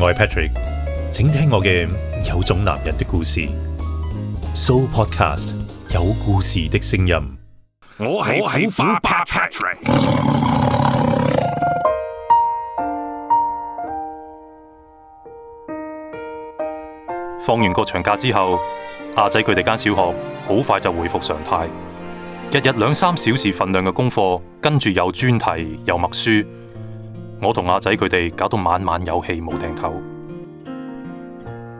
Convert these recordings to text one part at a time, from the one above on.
我係 Patrick，請聽我嘅有種男人的故事。So Podcast 有故事的聲音。我係，我係 Patrick。 放完個長假之後，阿仔佢哋間小學好快就恢復常態，日日兩三小時份量嘅功課，跟住有專題，又默書。我同阿仔佢哋搞到晚晚有戲冇訂頭，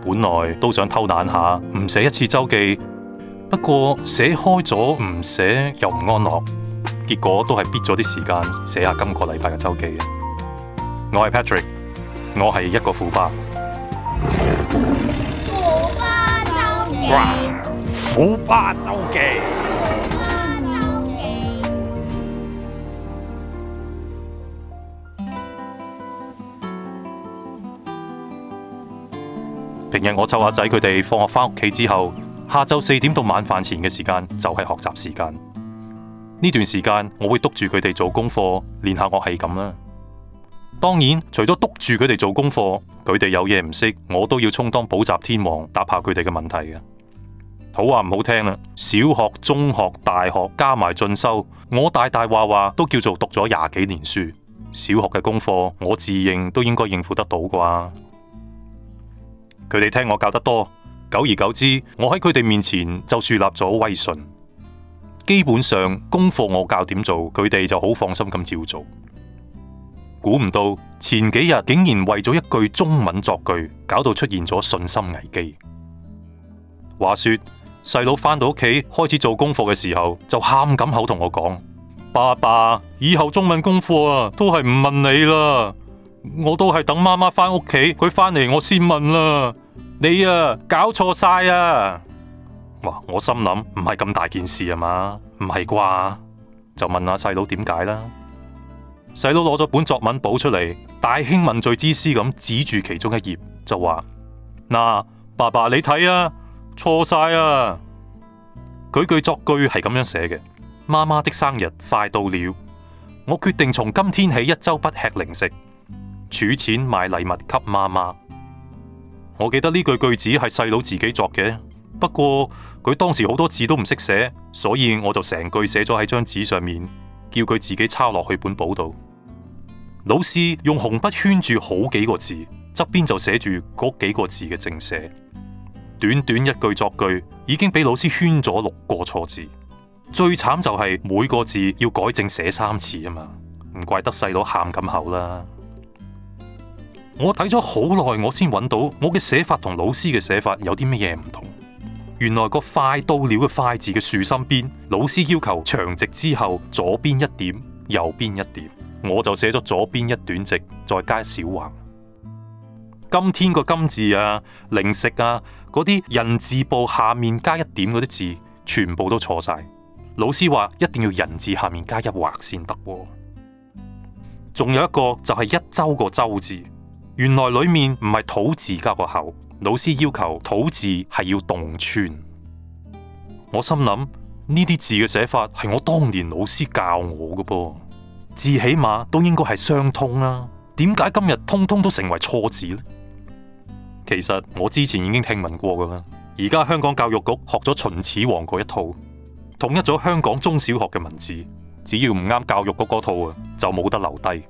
本來都想偷懶下，唔寫一次周記。不過寫開咗，唔寫又唔安樂，結果都係逼咗啲時間寫下今個禮拜嘅周記。我係 Patrick，我係一個虎爸。虎爸周記，虎爸周記。我湊下仔佢哋放學翻屋企之後，下晝四點到晚飯前嘅時間就係學習時間。呢段時間我會督住佢哋做功課、練下樂器咁啦。當然，除咗督住佢哋做功課，佢哋有嘢唔識，我都要充當補習天王，答下佢哋嘅問題嘅。好話唔好聽啦，小學、中學、大學加埋進修，我大大話話都叫做讀咗廿幾年書。小學嘅功課，我自認都應該應付得到啩。佢哋聽我教得多，久而久之，我喺佢哋面前就樹立咗威信。基本上功課我教點做，佢哋就好放心咁照做。估唔到前幾日竟然為咗一句中文作句，搞到出現咗信心危機。話說細佬返到屋企開始做功課嘅時候，就喊噉口同我講：爸爸，以後中文功課啊，都係唔問你啦。我都係等媽媽翻屋企，佢翻嚟，我先問啦。你啊，搞錯晒啊！哇，我心諗唔係咁大件事啊嘛，唔係啩？就問下細佬點解啦。細佬攞咗本作文簿出嚟，大興問罪之師咁指住其中一頁就話：嗱，爸爸你睇啊，錯晒啊。佢句作句係咁樣寫嘅：媽媽的生日快到了，我決定從今天起一周不吃零食。儲錢買禮物給媽媽。我記得呢句句子係細佬自己作嘅，不過佢當時好多字都唔識寫，所以我就成句寫咗喺張紙上面，叫佢自己抄落去本簿度。老師用紅筆圈住好幾個字，側邊就寫住嗰幾個字嘅正寫。短短一句作句，已經俾老師圈咗六個錯字。最慘就係每個字要改正寫三次啊嘛，唔怪得細佬喊咁口啦。我睇咗好耐，我先揾到我嘅寫法同老師嘅寫法有啲乜嘢唔同。原來個快到了嘅快字嘅豎心邊，老師要求長直之後，左邊一點，右邊一點，我就寫咗左邊一短直，再加一小橫。今天個金字啊、零食啊嗰啲人字部下面加一點嗰啲字，全部都錯晒。老師話一定要人字下面加一畫先得。仲有一個就係、是、一周個周字。原來裏面唔係土字加個口，老師要求土字係要洞穿。我心諗呢啲字嘅寫法係我當年老師教我嘅噃，字起碼都應該係相通啊。點解今日通通都成為錯字呢？其實我之前已經聽聞過噶啦，而家香港教育局學咗秦始皇嗰一套，統一咗香港中小學嘅文字，只要唔啱教育局嗰套啊，就冇得留低。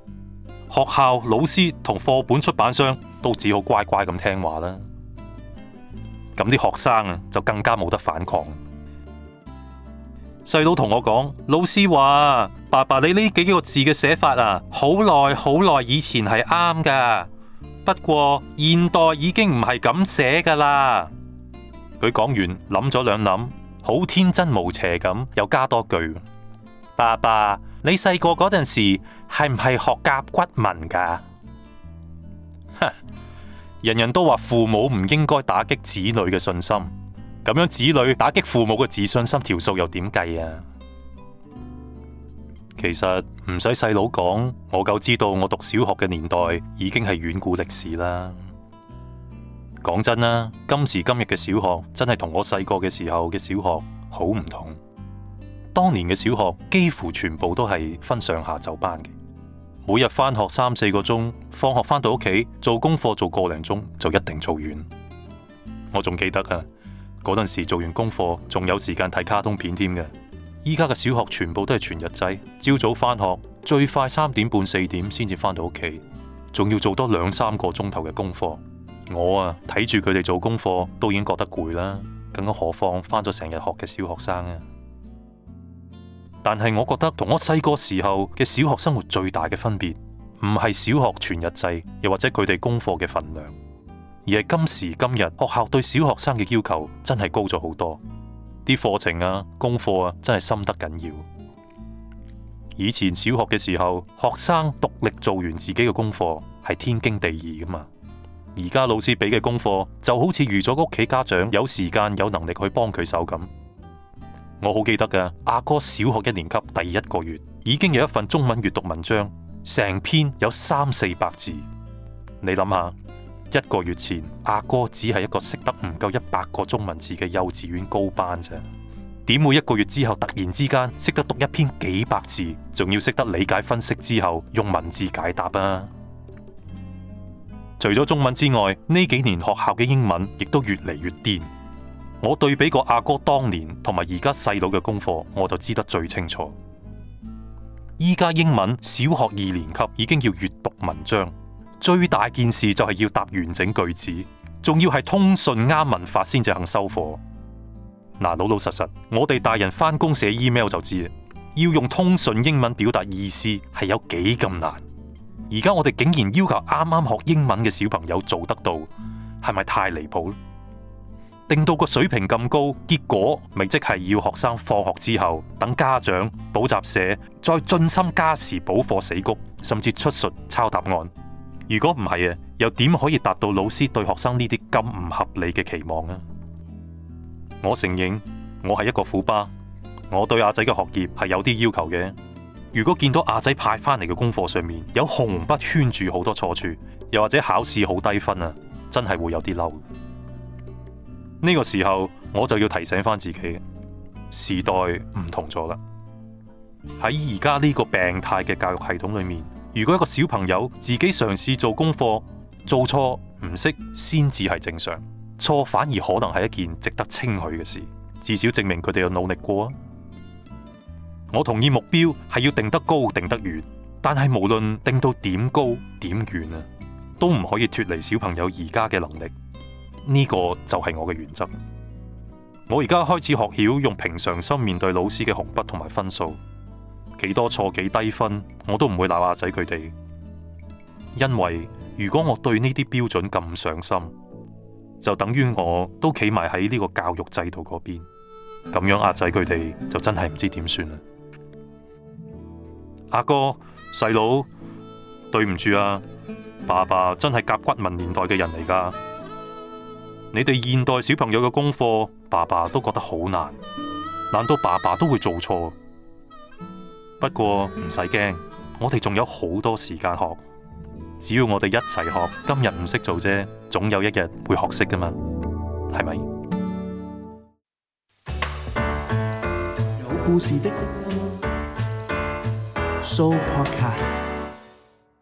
學校、老師同課本出版商都只好乖乖咁聽話啦。咁啲學生啊，就更加冇得反抗。細佬同我講，老師話：「爸爸，你呢幾個字嘅寫法啊，好耐好耐以前係啱噶，不過現代已經唔係咁寫噶啦。」佢講完諗咗兩諗，好天真無邪咁，又加多句：「爸爸。」你細個嗰陣時係唔係學甲骨文噶？ 人人都話父母唔應該打擊子女嘅信心，咁樣子女打擊父母嘅自信心條數又點計啊？其實唔使細佬講，我夠知道我讀小學嘅年代已經係遠古歷史啦。講真啦，今時今日嘅小學真係同我細個嘅時候嘅小學好唔同。當年嘅小學幾乎全部都係分上下晝班嘅，每日翻學三四個鐘，放學翻到屋企做功課做個零鐘就一定做完。我仲記得啊，嗰陣時做完功課仲有時間睇卡通片添嘅。依家嘅小學全部都係全日制，朝早翻學最快三點半四點先至翻到屋企，仲要做多兩三個鐘頭嘅功課。我啊睇住佢哋做功課都已經覺得攰啦，更加何況翻咗成日學嘅小學生啊！但係我覺得同我細個時候嘅小學生活最大嘅分別，唔係小學全日制，又或者佢哋功課嘅份量，而係今時今日學校對小學生嘅要求真係高咗好多。啲課程啊，功課啊，真係深得緊要。以前小學嘅時候，學生獨立做完自己嘅功課係天經地義㗎嘛。而家老師俾嘅功課就好似預咗屋企家長有時間有能力去幫佢手咁。我好記得㗎，阿哥小學一年級第一個月已經有一份中文閱讀文章，成篇有三四百字。你諗下，一個月前阿哥只係一個識得唔夠一百個中文字嘅幼稚園高班咋？點會一個月之後突然之間識得讀一篇幾百字，仲要識得理解分析之後用文字解答啊？除咗中文之外，呢幾年學校嘅英文亦都越嚟越癲。我對比過阿哥，哥當年同埋而家細佬嘅功課，我就知得最清楚。依家，英文小學二年級已經要閱讀文章，最大件事就係要答完整句子，仲要係通順啱文法先至肯收貨。嗱、啊，老老實實，我哋大人翻工寫 email 就知，要用通順英文表達意思係有幾咁難。而家我哋竟然要求啱啱學英文嘅小朋友做得到，係咪太離譜？定到個水平咁高，結果咪即係要學生放學之後等家長補習社再盡心加時補課死谷，甚至出術抄答案。如果唔係啊，又點可以達到老師對學生呢啲咁唔合理嘅期望啊？我承認我係一個虎爸。我對阿仔嘅學業係有啲要求嘅。如果見到阿仔派翻嚟嘅功課上面有紅筆圈住好多錯處，又或者考試好低分啊，真係會有啲嬲。呢個時候我就要提醒翻自己，時代唔同咗啦。喺而家呢個病態嘅教育系統裏面，如果一個小朋友自己嘗試做功課，做錯唔識，先至係正常，錯反而可能係一件值得稱許嘅事，至少證明佢哋有努力過啊。我同意目標係要定得高、定得遠，但係無論定到點高點遠啊，都唔可以脫離小朋友而家嘅能力。呢個就係我嘅原則。我而家開始學曉用平常心面對老師嘅紅筆同埋分數，幾多錯幾低分，我都唔會鬧阿仔佢哋。因為如果我對呢啲標準咁上心，就等於我都企埋喺呢個教育制度嗰邊，咁樣阿仔佢哋就真係唔知點算啦。阿哥細佬，對唔住啊，爸爸真係甲骨文年代嘅人嚟噶。你哋現代小朋友嘅功課，爸爸都覺得好難，難到爸爸都會做錯。不過唔使驚，我哋仲有好多時間學，只要我哋一齊學，今日唔識做啫，總有一日會學識㗎嘛，係咪？有故事的聲音。